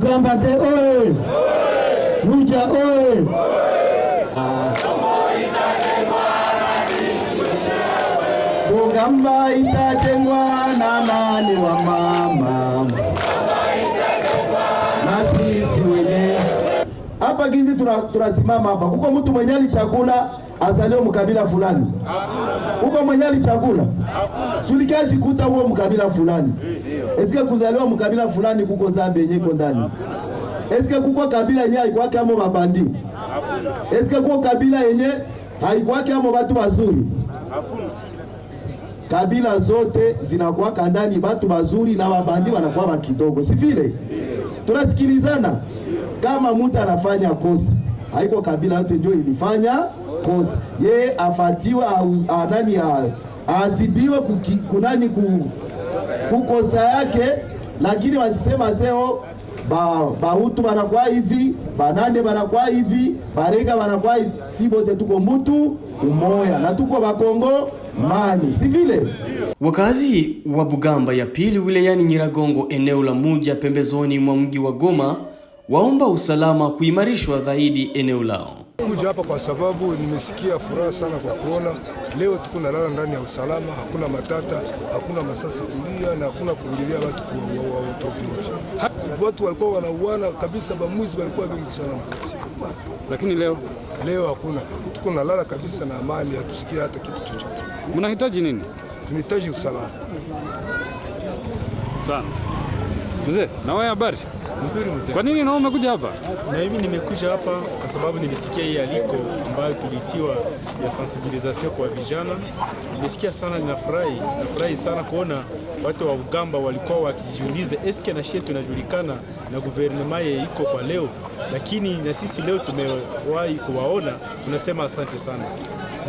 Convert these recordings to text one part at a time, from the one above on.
Mlambate oye! Lucha oye! Bugamba itajengwa na nani wa mama hapa Ginzi tunasimama hapa, kuko mtu mwenye alichakula azaliwe mkabila fulani uko mwenye alichagula sulikazi kuta huo mkabila fulani eh, eh, oh. esike kuzaliwa mkabila fulani kuko zambi yenye iko ndani esike kuko kabila yenye haikwake amo mabandi esike kuko kabila yenye haikwake amo batu bazuri kabila zote zinakuwaka ndani batu bazuri na babandi wanakuwa bakidogo si vile eh. tunasikilizana kama mtu anafanya kosa haiko kabila yote ndio ilifanya kosa. ye afatiwe nani, aasibiwe kunani kukosa yake, lakini wasisema seo Bahutu ba banakuwa hivi, Banande banakuwa hivi, Barega banakuwa hivi. Si bote tuko mutu umoya na tuko Bakongo mani, si vile? Wakazi wa Bugamba ya pili wilayani Nyiragongo, eneo la Muja, pembezoni mwa mji wa Goma waomba usalama kuimarishwa zaidi eneo lao. Kuja hapa kwa sababu nimesikia furaha sana kwa kuona leo tuko nalala ndani ya usalama, hakuna matata, hakuna masasi kulia na hakuna kuingilia watu kuwatovyoji. Watu walikuwa wanauana kabisa, bamuzi walikuwa wengi sana mkati, lakini leo leo hakuna, tuko nalala kabisa na amani, hatusikia hata kitu chochote. Mnahitaji nini? Tunahitaji usalama sana. Mzee, na wewe habari? Mzuri mzee. Kwa nini na umekuja hapa? Na mimi nimekuja hapa kwa sababu nilisikia hii aliko ambayo tulitiwa ya sensibilisation kwa vijana. Nimesikia sana, ninafurahi. Nafurahi sana kuona watu wa Ugamba walikuwa wakijiuliza eske na shetu tunajulikana na guvernema ye iko kwa leo, lakini na sisi leo tumewahi kuwaona, tunasema asante sana.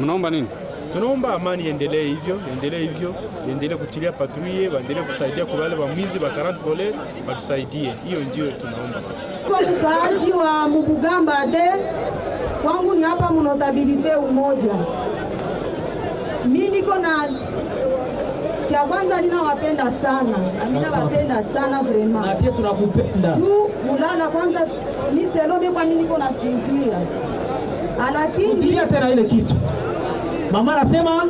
Mnaomba nini? Tunaomba amani iendelee hivyo, iendelee hivyo, iendelee kutilia patrouille, waendelee kusaidia kwa wale wamwizi wa karant vole, watusaidie. Hiyo ndio tunaomba. Msaaji wa Mubugamba de kwangu ni hapa mnotabilite umoja. Mimi niko na ya kwanza ninawapenda sana, ninawapenda sana vraiment. Na sisi tunakupenda. Tu kulala kwanza mimi selo mimi kwa nini niko nasinzia. Lakini tena ile kitu Mama anasema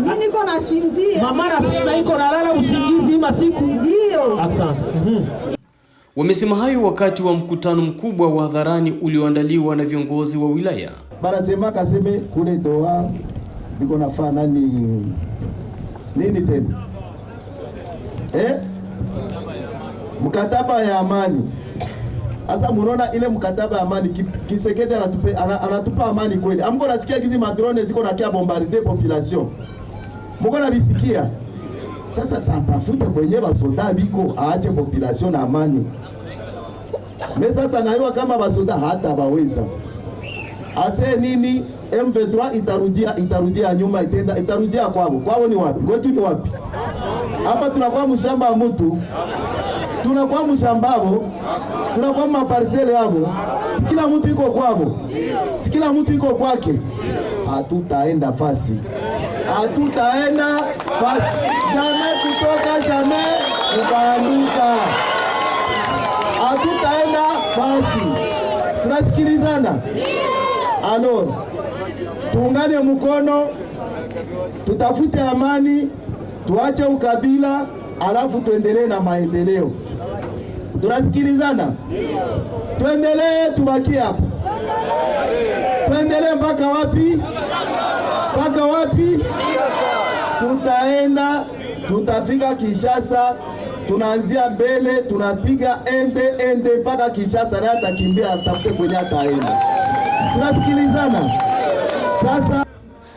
mimi niko nasinzia. Mama anasema iko nalala usingizi masiku. Ndio. Asante. Mm Wamesema hayo wakati wa mkutano mkubwa wa hadharani ulioandaliwa na viongozi wa wilaya. Barasema kaseme kule doa niko nafaa nani Nini tena? Eh? Mkataba ya amani. Sasa munaona ile mkataba ya amani Kisekedi anatupa, anatupa amani kweli. Amko nasikia kizi madrone ziko na kia bombarder population. Mko na bisikia. Sasa sasa tafuta kwenye basoda biko aache population na amani. Me sasa naiwa kama basoda hata baweza. Ase nini M23 itarudia itarudia nyuma itenda itarudia kwao. Kwao ni wapi? Kwetu ni wapi? Hapa tunakuwa mshamba wa mtu tunakuwa avo tunakuwa maparsele yavo, sikila mtu iko kwavo, sikila mtu iko kwake. Hatutaenda fasi, hatutaenda fasi, jamais kutoka, jamais kubanduka, hatutaenda fasi. Tunasikilizana? Alors, tuungane mkono, tutafute amani, tuache ukabila, alafu tuendelee na maendeleo. Tunasikilizana? Tuendelee, tubakie hapa, tuendelee mpaka wapi? Mpaka wapi? Tutaenda, tutafika Kinshasa, tunaanzia mbele, tunapiga ende ende mpaka Kinshasa, naye atakimbia atafute kwenye ataenda. Tunasikilizana? Sasa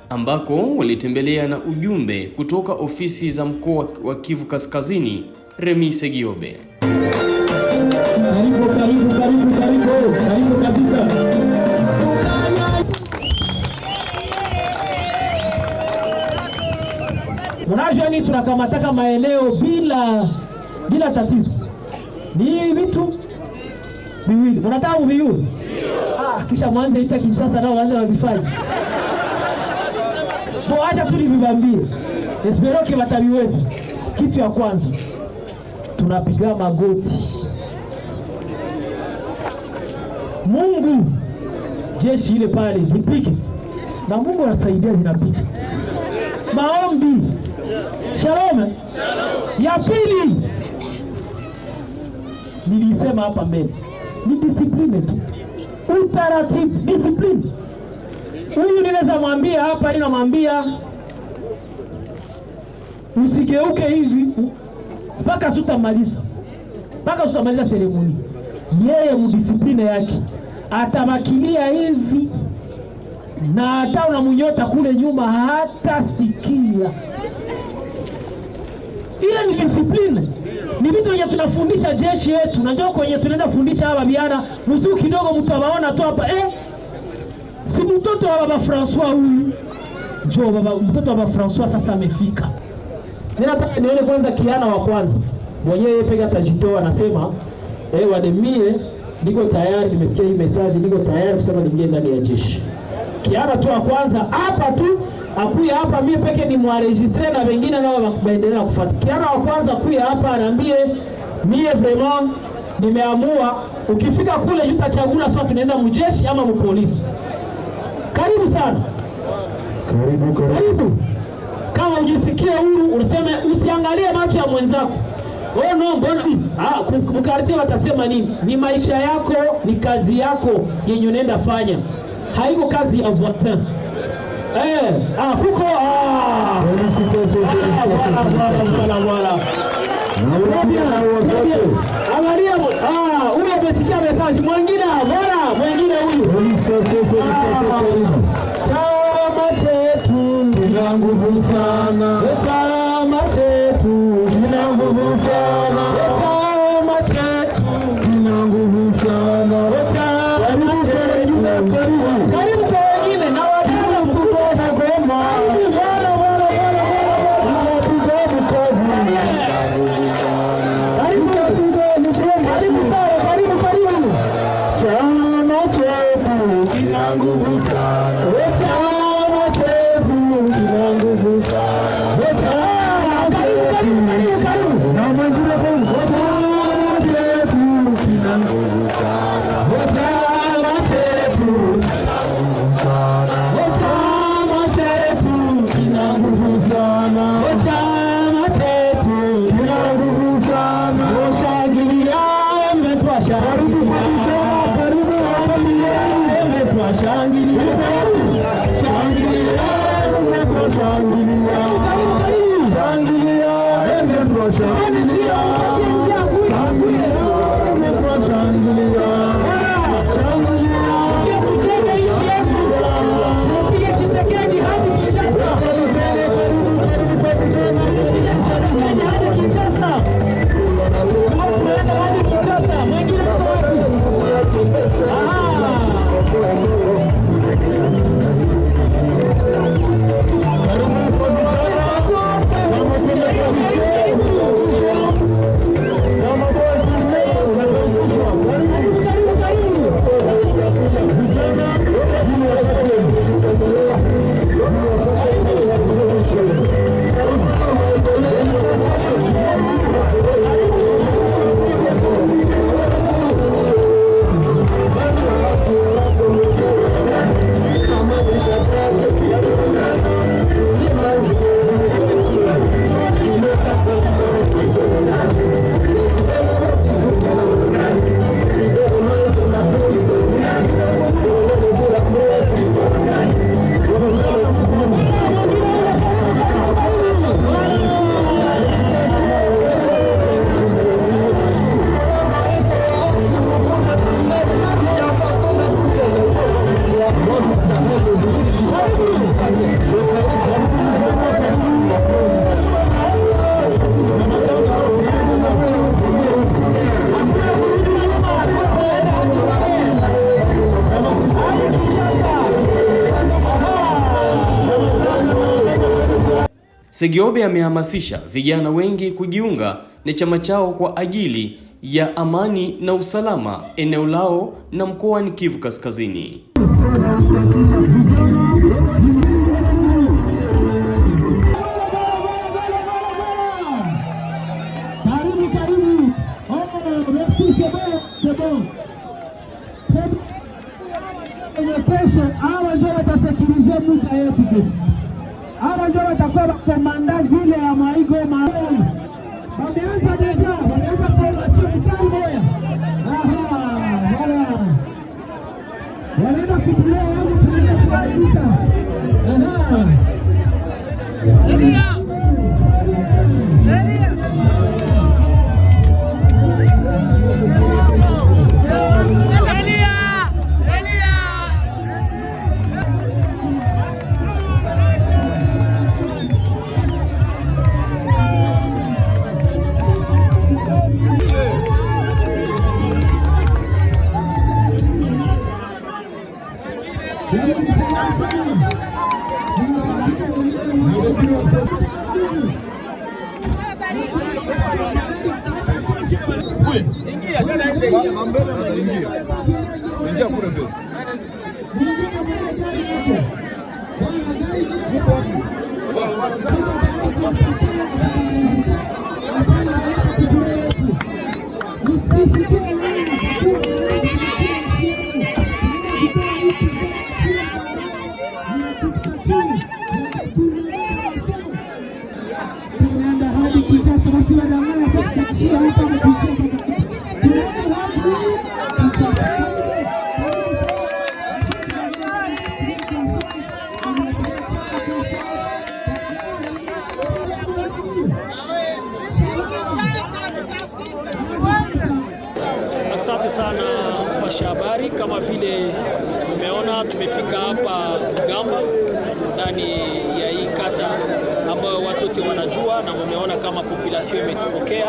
ambako walitembelea na ujumbe kutoka ofisi za mkoa wa Kivu Kaskazini, Remi Segiobe. tunakamataka maeneo bila bila tatizo. Ni vitu viwili unataka uviuni, ah, kisha mwanze ita Kinshasa nao waanze wavifanya acha tu nivivambie esperoke wataviweza. Kitu ya kwanza tunapiga magoti Mungu, jeshi ile pale zipike na Mungu anasaidia zinapika maombi Shalom. Ya pili nilisema hapa mbele ni disipline tu, utaratibu, disipline. Huyu ninaweza mwambia hapa, ninamwambia usigeuke hivi mpaka sutamaliza mpaka sutamaliza seremoni. Yeye mdisipline yake atamakilia hivi, na hata unamunyota kule nyuma hatasikia. Ile ni discipline, ni vitu vyenye tunafundisha jeshi yetu, Najua kwenye tunaenda kufundisha hawa babiana mzuu kidogo, mtu awaona tu hapa eh, si mtoto wa baba Francois huyu. jo, baba, mtoto wa baba Francois sasa amefika. Ninataka nione kwanza kiana wa kwanza mwenyewe pega atajitoa, anasema eh, wademie niko tayari, nimesikia hii message, niko tayari kusema niingie ndani ya jeshi. Kiana tu wa kwanza hapa tu akuya hapa mie peke ni mwaregistre na wengine nao wakubaendelea kufuata. Kiara wa kwanza kuya hapa anaambie mie vraiment nimeamua ukifika kule utachagula sio tunaenda mjeshi ama mpolisi. Karibu sana. Karibu, karibu. Karibu. Kama ujisikie huru unasema usiangalie macho ya mwenzako. Oh no, mbona mkartie hmm, ah, watasema nini? Ni maisha yako, ni kazi yako yenye unaenda fanya, haiko kazi ya voisin huko angalia, huyu amesikia mesaji, mwingine bora, mwingine huyu. Ah, chama chetu ina nguvu sana. Segeobe amehamasisha vijana wengi kujiunga na chama chao kwa ajili ya amani na usalama eneo lao na mkoani Kivu Kaskazini hawa ndio watakuwa makomanda vile ya maigo wameanza deja, wameanza kwa machifu tango ya wanaenda kutulia wangu kutulia kubaribika ingia kule mbele tunaenda hadi Kinshasa basi wana Asante sana mpasha habari, kama vile umeona tumefika hapa Bugamba ndani ya hii kata ambayo watu wote wanajua na wameona kama population imetupokea.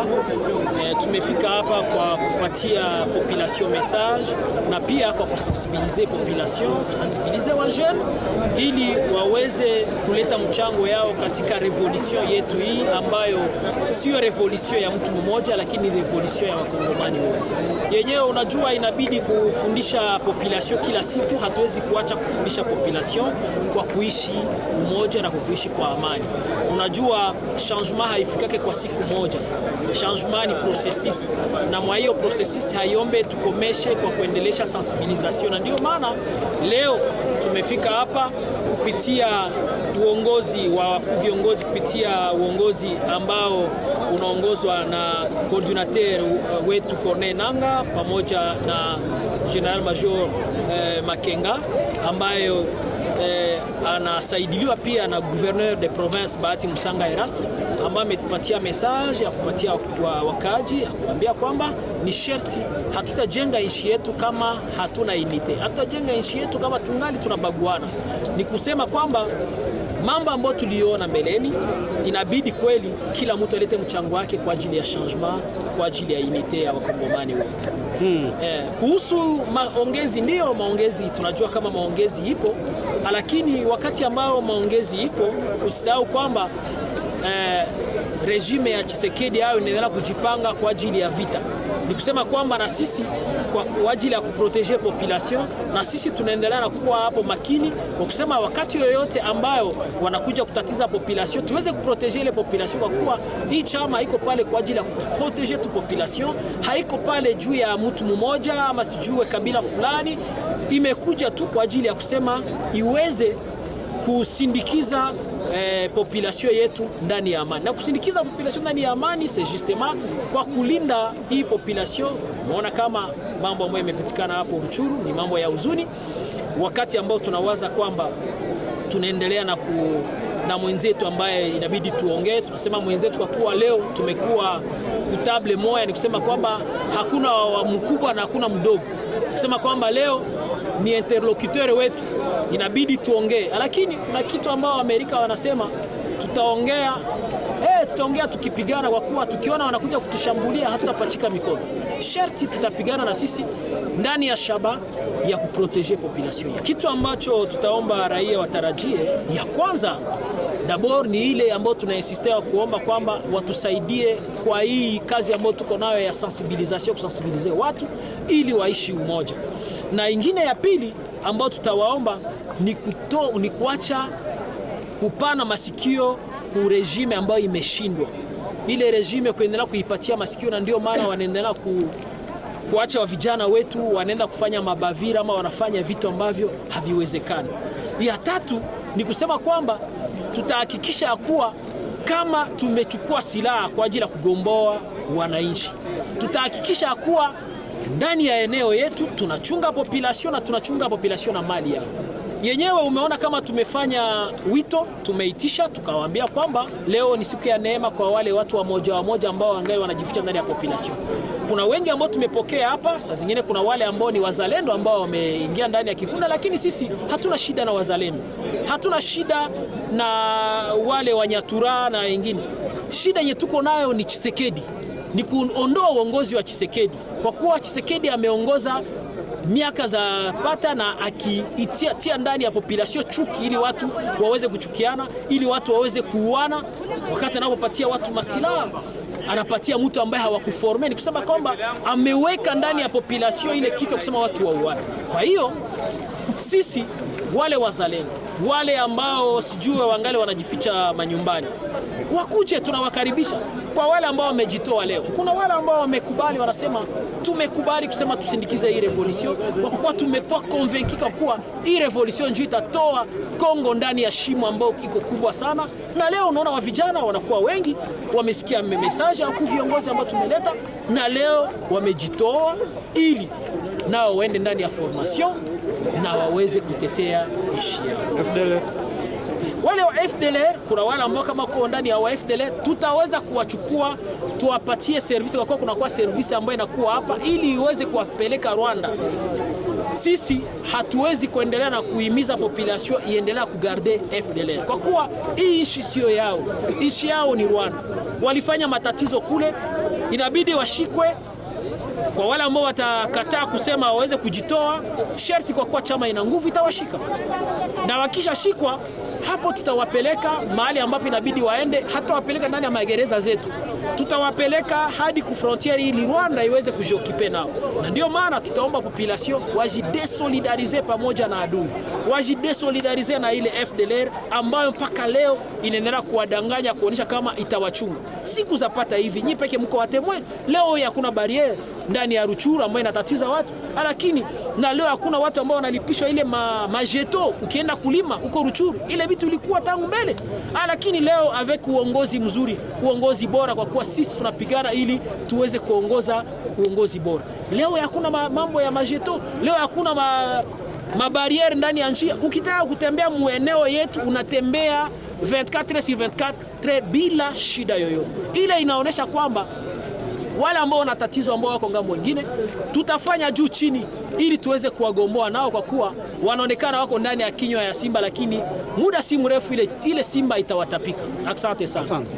E, tumefika hapa kwa kupatia population message na pia kwa kusensibilize population, kusensibilize wa jeune ili waweze kuleta mchango yao katika revolution yetu hii ambayo sio revolution ya mtu mmoja, lakini revolution ya wakongomani wote. Yenyewe unajua, inabidi kufundisha population kila siku, hatuwezi kuacha kufundisha population kwa kuishi umoja na kuishi kwa amani. Unajua, changement haifikake kwa siku moja. Changement ni processes, na mwa hiyo processes haiombe tukomeshe kwa kuendelesha sensibilisation, na ndio maana leo tumefika hapa kupitia uongozi wa viongozi, kupitia uongozi ambao unaongozwa na coordinateur wetu Corneille Nanga pamoja na General Major eh, Makenga ambayo eh, anasaidiliwa pia na gouverneur de province Bahati Musanga Erasto ambaye ametupatia message ya kupatia wakaji ya kuambia kwamba ni sherti, hatutajenga nchi yetu kama hatuna inite, hatutajenga nchi yetu kama tungali tunabaguana. Ni kusema kwamba mambo ambayo tuliona mbeleni inabidi kweli kila mtu alete mchango wake kwa ajili ya changement, kwa ajili ya unity ya wakongomani wote. Hmm. Eh, kuhusu maongezi, ndiyo maongezi tunajua kama maongezi ipo lakini wakati ambao maongezi iko, usisahau kwamba eh, rejime ya Chisekedi hayo inaendelea kujipanga kwa ajili ya vita. Ni kusema kwamba na sisi kwa ajili ya kuproteje population, na sisi tunaendelea na kuwa hapo makini kwa kusema wakati yoyote ambayo wanakuja kutatiza population, tuweze kuproteje ile population, kwa kuwa hii chama iko pale kwa ajili ya kuproteje tu population, haiko pale juu ya mtu mmoja ama sijue kabila fulani imekuja tu kwa ajili ya kusema iweze kusindikiza eh, population yetu ndani ya amani, na kusindikiza population ndani ya amani c'est justement kwa kulinda hii population. Umeona kama mambo ambayo yamepatikana hapo Ruchuru ni mambo ya huzuni, wakati ambao tunawaza kwamba tunaendelea na ku na mwenzetu ambaye inabidi tuongee, tunasema mwenzetu kwa kuwa leo tumekuwa kutable moya, ni kusema kwamba hakuna mkubwa na hakuna mdogo, kusema kwamba leo ni interlocuteur wetu, inabidi tuongee, lakini kuna kitu ambao Amerika wanasema tutaongea eh, tutaongea tukipigana, kwa kuwa tukiona wanakuja kutushambulia hatutapachika mikono, sharti tutapigana na sisi ndani ya shaba ya kuproteje population. Kitu ambacho tutaomba raia watarajie, ya kwanza dabor ni ile ambayo tunainsistewa kuomba kwamba watusaidie kwa hii kazi ambayo tuko nayo ya sensibilisation, kusensibilize watu ili waishi umoja na ingine ya pili ambayo tutawaomba ni, kuto, ni kuacha kupana masikio ku regime ambayo imeshindwa ile regime kuendelea kuipatia masikio, na ndio maana wanaendelea ku, kuacha wa vijana wetu wanaenda kufanya mabavira ama wanafanya vitu ambavyo haviwezekani. Ya tatu ni kusema kwamba tutahakikisha ya kuwa kama tumechukua silaha kwa ajili ya kugomboa wananchi, tutahakikisha ya kuwa ndani ya eneo yetu, tunachunga population na tunachunga population na mali yao yenyewe. Umeona kama tumefanya wito, tumeitisha tukawaambia kwamba leo ni siku ya neema kwa wale watu wamoja wamoja ambao wangai wanajificha ndani ya population. Kuna wengi ambao tumepokea hapa, saa zingine kuna wale ambao ni wazalendo ambao wameingia ndani ya kikunda, lakini sisi hatuna shida na wazalendo, hatuna shida na wale wanyatura na wengine. Shida yenye tuko nayo ni Chisekedi, ni kuondoa uongozi wa Chisekedi kwa kuwa Chisekedi ameongoza miaka za pata na akitia ndani ya population chuki, ili watu waweze kuchukiana, ili watu waweze kuuana. Wakati anapopatia watu masilaha, anapatia mtu ambaye hawakuforme, ni kusema kwamba ameweka ndani ya population ile kitu kusema watu wauane. Kwa hiyo sisi wale wazalendo wale ambao sijui wangali wanajificha manyumbani wakuje, tunawakaribisha. Kwa wale ambao wamejitoa leo, kuna wale ambao wamekubali, wanasema tumekubali kusema tusindikize hii revolution, kwa kuwa tumekuwa konvenkika kuwa hii revolution ndio itatoa Kongo ndani ya shimo ambayo iko kubwa sana, na leo unaona wa vijana wanakuwa wengi, wamesikia message au viongozi ambao tumeleta, na leo wamejitoa ili nao waende ndani ya formation na waweze kutetea ishi yao. Wale wa FDLR, kuna wale ambao kama uko ndani ya wa FDLR, tutaweza kuwachukua tuwapatie service, kwa kuwa kunakuwa service ambayo inakuwa hapa ili iweze kuwapeleka Rwanda. Sisi hatuwezi kuendelea na kuhimiza population iendelea kugarde FDLR kwa kuwa hii nchi sio yao. Nchi yao ni Rwanda, walifanya matatizo kule, inabidi washikwe. Kwa wale ambao watakataa kusema waweze kujitoa, sherti kwa kuwa chama ina nguvu itawashika, na wakishashikwa hapo tutawapeleka mahali ambapo inabidi waende, hata wapeleka ndani ya magereza zetu, tutawapeleka hadi kufrontiere ili Rwanda iweze kujiokipe nao, na ndio maana tutaomba population wajidesolidarize pamoja na adui, wajidesolidarize na ile FDLR ambayo mpaka leo inaendelea kuwadanganya kuonyesha kama itawachunga. Siku zapata hivi nyi peke mko watemwe, leo hakuna bariere ndani ya Ruchuru ambayo inatatiza watu, lakini na leo hakuna watu ambao wanalipishwa ile majeto ma ukienda kulima uko Ruchuru ile maybe tulikuwa tangu mbele ah, lakini leo avec uongozi mzuri, uongozi bora, kwa kuwa sisi tunapigana ili tuweze kuongoza uongozi bora. Leo hakuna mambo ya majeto, leo hakuna ma, mabariere ndani ya njia. Ukitaka kutembea mueneo yetu unatembea 24 sur 24 tre bila shida yoyote. Ile inaonyesha kwamba wale ambao wana tatizo ambao wako ngambo wengine tutafanya juu chini ili tuweze kuwagomboa nao, kwa kuwa wanaonekana wako ndani ya kinywa ya Simba, lakini muda si mrefu ile, ile Simba itawatapika. Asante sana, asante.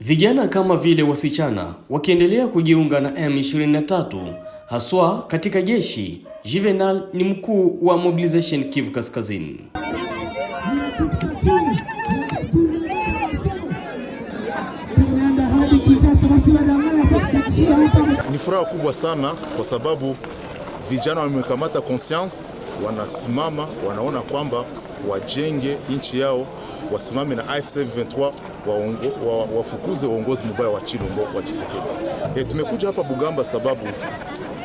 Vijana kama vile wasichana wakiendelea kujiunga na M23 haswa katika jeshi. Juvenal ni mkuu wa mobilization Kivu Kaskazini. Ni furaha kubwa sana kwa sababu vijana wamekamata conscience, wanasimama, wanaona kwamba wajenge nchi yao, wasimame na AFC M23 wafukuze wa, wa uongozi mubaya wa Chilombo wa Chisekedi. E, eh, tumekuja hapa Bugamba sababu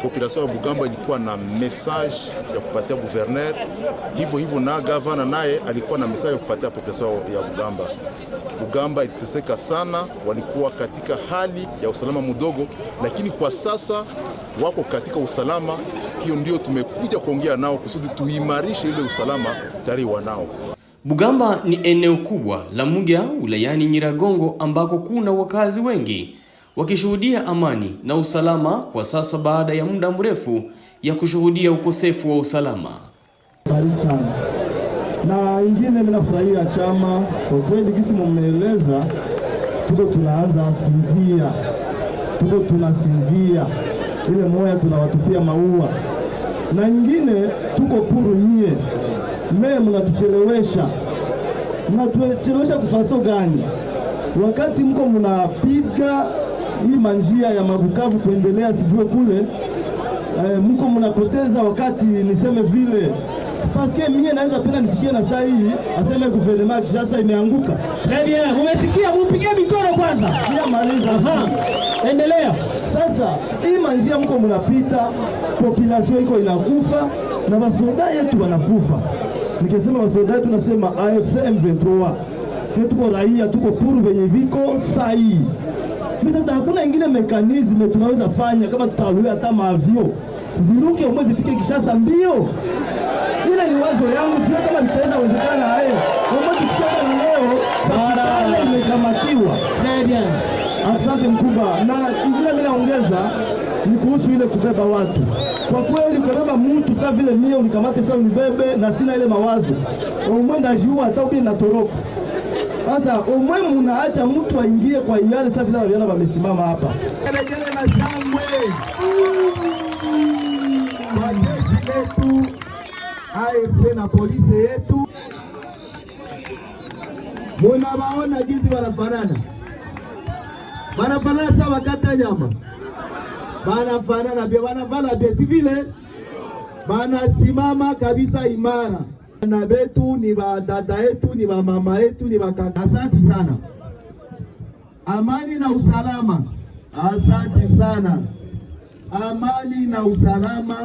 population ya Bugamba ilikuwa na message ya kupatia guverner, hivyo hivyo na gavana naye alikuwa na message ya kupatia population ya Bugamba. Bugamba iliteseka sana, walikuwa katika hali ya usalama mdogo, lakini kwa sasa wako katika usalama hiyo ndio tumekuja kuongea nao kusudi tuimarishe ile usalama tayari wanao. Bugamba ni eneo kubwa la Mugya wilayani Nyiragongo ambako kuna wakazi wengi wakishuhudia amani na usalama kwa sasa baada ya muda mrefu ya kushuhudia ukosefu wa usalama. Na ingine mnafurahia chama kwa kweli, kisi mmeeleza, tuko tunaanza sinzia, tuko tunasinzia ile moya tunawatupia maua, na nyingine tuko puru nyie, mee mnatuchelewesha. Mnatuchelewesha kufaso gani? wakati mko munapiga hii manjia ya magukavu kuendelea sijue kule e, mko munapoteza wakati. Niseme vile paske mie naweza penda nisikie na saa hii aseme guvernema Kishasa imeanguka. Très umesikia mumesikia, mikono kwanza. Siamaliza. Endelea. Sasa hii manjia mko mnapita, population iko inakufa na wasoda yetu wanakufa. Nikisema wasoda yetu nasema AFC M23. Sisi tuko raia, tuko puru venye viko sahihi. Sasa hakuna ingine mekanizme tunaweza fanya kama tutawe hata maavio ziruke umwe zifike Kishasa mbio. Ile ni wazo yangu, sio kama nitaweza wezekana hayo. Umwe zifike leo, imekamakiwa. Très bien. Asante mkubwa. Na ingine mimi naongeza ni kuhusu ile kubeba watu. Kwa kweli kubeba mtu sasa vile mie unikamate sasa unibebe na sina ile mawazo umwenda jiua hata ubi natoroka. Sasa umwe unaacha mtu aingie kwa yale sasa vile waliona wamesimama hapa kelekele na shangwe kwa jeshi letu AFC na polisi yetu, munawaona jinsi wanafanana Banafanana sa wakata nyama, banafanana vya banavala vya sivile, banasimama kabisa imara. Bana betu ni badada yetu, ni bamama yetu, ni bakaka. Asante sana. Amani na usalama. Asante sana. Amani na usalama.